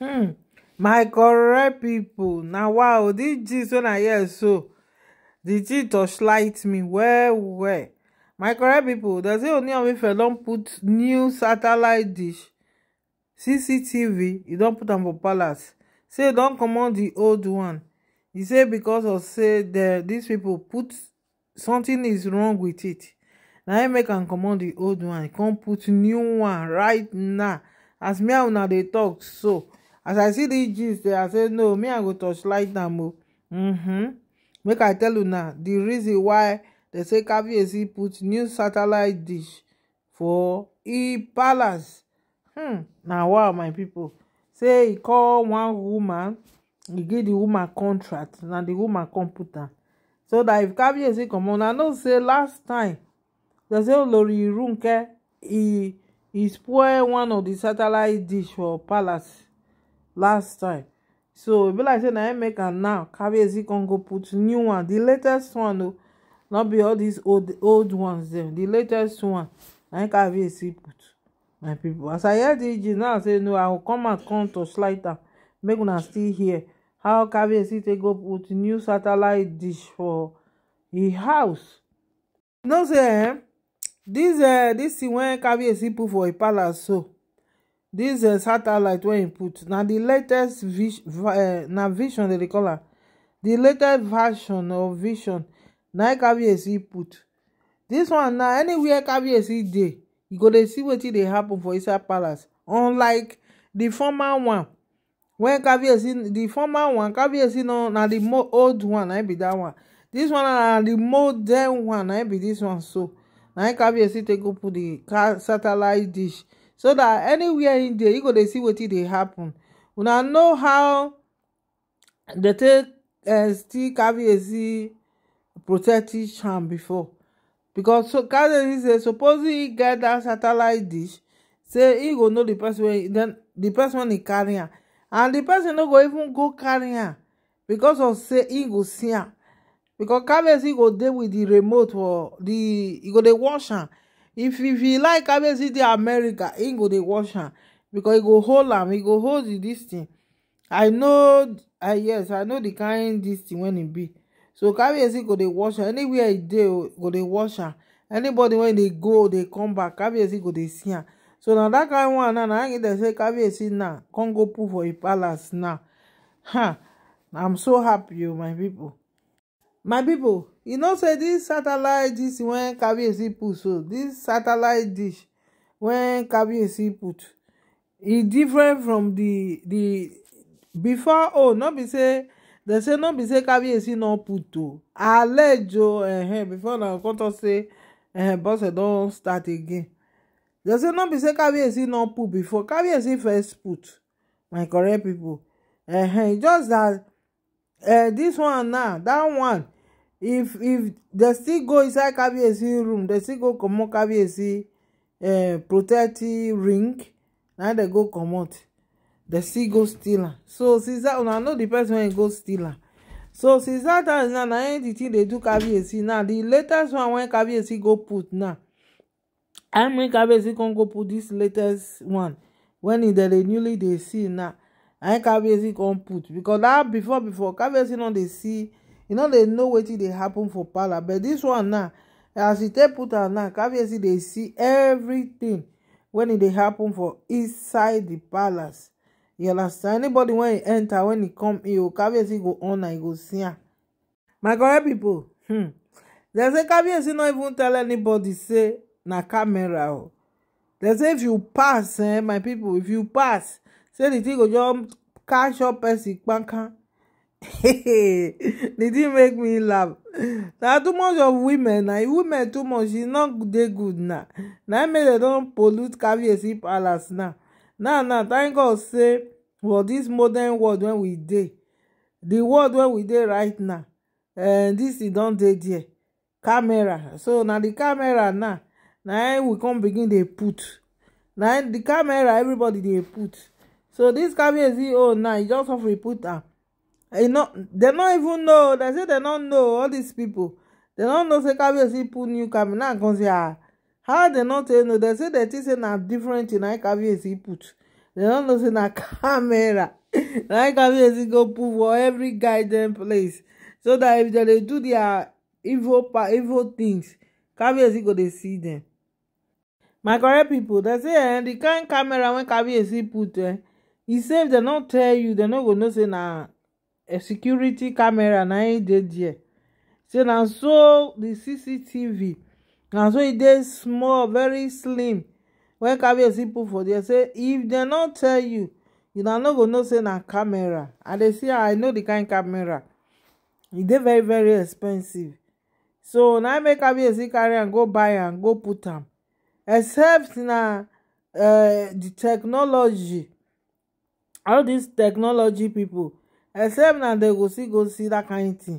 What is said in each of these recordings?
hmm my correct people, now wow this gist wey i hear so di gist torchlight me well well my correct people, does it only if ife don't put new satellite dish cctv You don't put them for palace say don't don comot di old one You e say because of say these people put something is wrong with it Now I make am comot the old one come put new one right now as me and una dey tok so as i see dis gist i say no me i go torchlight am o hmm make i tell una The reason why dem say kabiyesi put new satellite dish for e palace hmm na wow my people say e call one woman e give the woman contract na the woman come put am so that if kabiyesi comot i know say last time dem say olori irunke e e spoil one of the satellite dish for palace last time so e be like say now im make am now kabezi con go put new one the latest one o oh. not be all these old old ones dem di latest one na im kabezi put my pipo as i hear di gist now say no i go come out come to slight am make una still here. how kabezi take go put new satellite dish for the house you know say eh dis eh, thing wey kabezi put for e palace so dis uh, satellite wey im put na di latest eh, na vision they call it, the latest version of vision na e kabiyesi put This one now anywhere kabiyesi dey you go dey see wetin dey happen for inside palace unlike the former one wen kabiyesi the former one kabiyesi no na di old one na e be that one This one na the modern one na e be this one so na kabiyesi take go put di satellite dish so that anywhere in there, you go dey see wetin dey happen una know how dey take eh, still caviezi protect each hand before because so becos caviezi say suppose he get that satellite dish say he go know the person wey the person he carry am and the person no go even go carry am because of say he go see am becos caviezi go dey with the remote for the he go dey watch am if if e like kabezi the america e go dey watch am because e go hold am e go hold this thing i know I yes i know the kind this thing when e be so kabezi go dey watch am anywhere e dey oh, go dey watch am anybody wey dey go dey come back kabezi go dey see am so na that kind one na na im dey say kabezi now come go put for im palace now ha i'm so happy o oh, my people my pipo you know say this satellite dish wey kabiyesi put so this satellite dish wey kabiyesi put e different from the the before oh no be say dem say no be say kabiyesi no put o oh. alejo oh, eh, before na come talk say eh, bose don start again dem say no be say kabiyesi no put before kabiyesi first put my correct pipo eh, just that uh, this one now that one if if dem still go inside kabiyesi room dem still go comot kabiyesi uh, protective ring na dem go comot dem still go steal am so since that una know the person wey go steal am so since that time now na any the thing dey do kabiyesi now the latest one wey kabiyesi go put now i mean kabiyesi come go put this latest one when e dey newly dey see now i kabiyesi come put because that before before kabiyesi no dey see You know they know wetin they happen for palace but this one now as e take put am now kabiyesi they see everything when it happen for inside the palace you understand anybody when e enter when e come here o go on am e go see am my correct people. hmm dem say kabiyesi no even tell anybody say na camera o oh. dem say if you pass eh my people. if you pass say the thing go just catch up pesin eh, kpankan did e make me laugh na too much of women na women too much e no dey good na na im make dem don pollute caviarcy palace now now now thank god say for dis modern world wey we dey di world wey we dey right now dis eh, thing don dey there camera so na di camera now na we come begin dey put na di camera everybody dey put so dis caviarcy oh now e just have to put am you know They no even know They say they no know all these people. They no know say kabiyesi put new cabinet now come say ah how dem no take know They say dem think say na different thing na kabiyesi put They no know say na camera na kabiyesi go put for every guy dem place so that if they dey do their evil evil things kabiyesi go dey see them. my correct people. They say eh di kain camera wey kabiyesi put eh e save they no tell you They no go know say na security camera na im e dey there say na so the cctv na so e dey small very slim wen kabiyesi put for there say if dem no tell you una no go know say na camera i dey see i know the kind camera e dey very very expensive so na make kabiyesi carry am go buy am go put am except na eh, the technology all dis technology people except na dem go still go see dat kind thing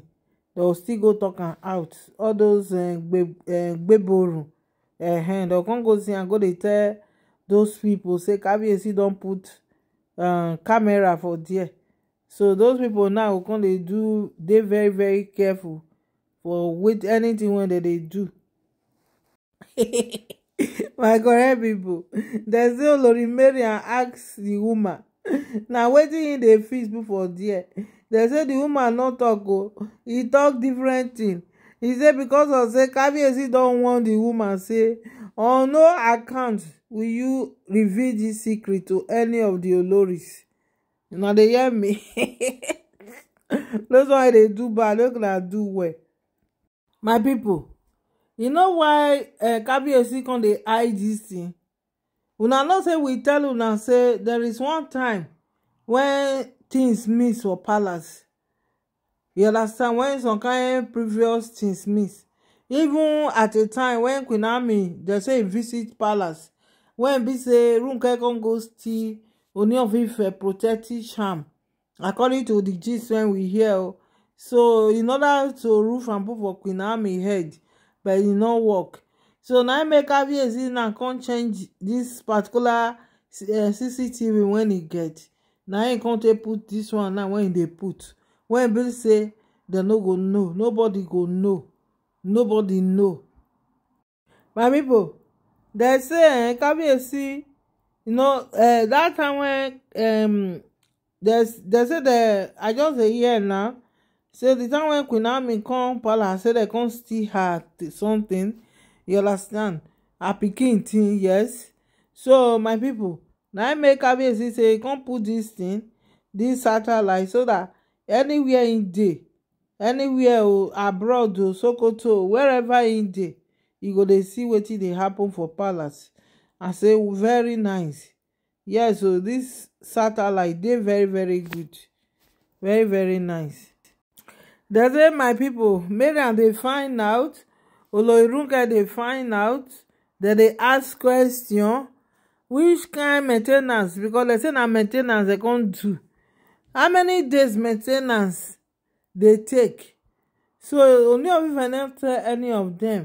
dem go still go talk am out all those gbeboru ehn dem come go see am go dey tell those pipo say kabiyesi don put eh, camera for there so those pipo now go come dey do dey very very careful for with anything wey dem dey do my correct pipo dem say olori mariam ask di woman na wetin he dey fix for there dem say the woman no talk. o oh. he talk different thing. He say because of say kabiyesi don warn the woman say on no account will you reveal this secret to any of di oloris una dey hear me those one dey do bad make una do well my people, you know why eh, kabiyesi come dey hide this thing una know say we tell una say there is one time when things miss for palace you understand when some kind previous things miss even at a time wen queen ami dey say visit palace When be say runke come go steal oni of ife protective charm according to the gist wey we hear oh. so in order to roof and put for queen ami head but e no work so naim make obviously now na change dis particular eh, cctv wey e get im con take put dis one now wey im dey put wey e say dem no go know nobody go know nobody know. my pipo dem say eeh you know dat eh, time wen dey dey say dey i just dey hear now say di time wen kwina mi come palace say dem come steal her something. you understand her pikin thing yes so my people, na im make kabiyesi say come put this thing this satellite so that anywhere im dey anywhere o oh, abroad o oh, sokoto o wherever im dey you go dey see wetin dey happen for palace i say very nice yes So this satellite dey very very good very very nice. dey say my people? make dem dey find out oloirunke dey find out dem dey ask question which kind main ten ance becos dem say na main ten ance dem come do how many days main ten ance dey take so only of ife no tell any of dem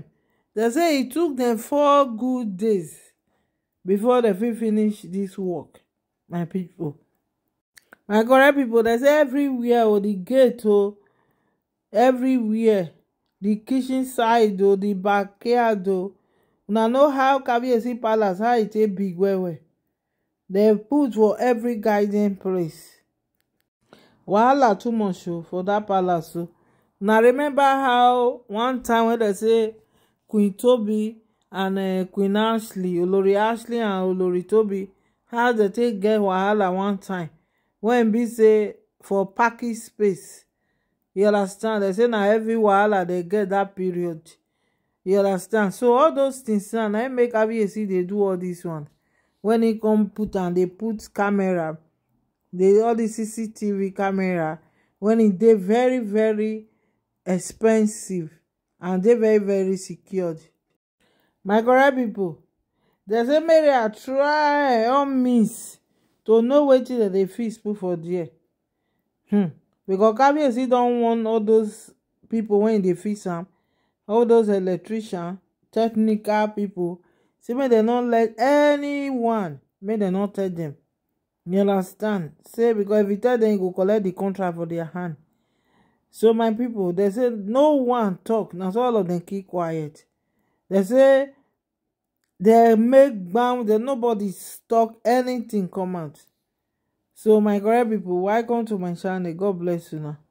dem say e took dem four good days before dem fit finish dis work my pipo my correct pipo dem say everywhere o oh, the gate o oh, everywhere the kitchen side o the backyard o una know how kabiyesi palace how e take big well well dem put for every garden place wahala too much o oh, for dat palace o oh. na remember how one time wey dem say queen tobi and eh, queen ashley olori ashley and olori tobi how dem take get wahala one time wen be say for parking space you understand They say now every wahala they get that period you understand so all those things and I im make abc they do all this one when e come put and they put camera they all the cctv camera When e dey very very expensive and they very very secured my correct people, dem say make I try all means to know wetin dem dey fix put for there hmm becos caveatsi don warn all those pipo wey e dey fix am all those electrician technical pipo say make dem no let anyone make dem no tell dem you understand say becos if you tell dem you go collect di contract for dia hand so my pipo dem say no one tok na so all of dem keep quiet dem say dem make gbam dey nobody tok anytin come out. so my correct people, welcome to my channel god bless una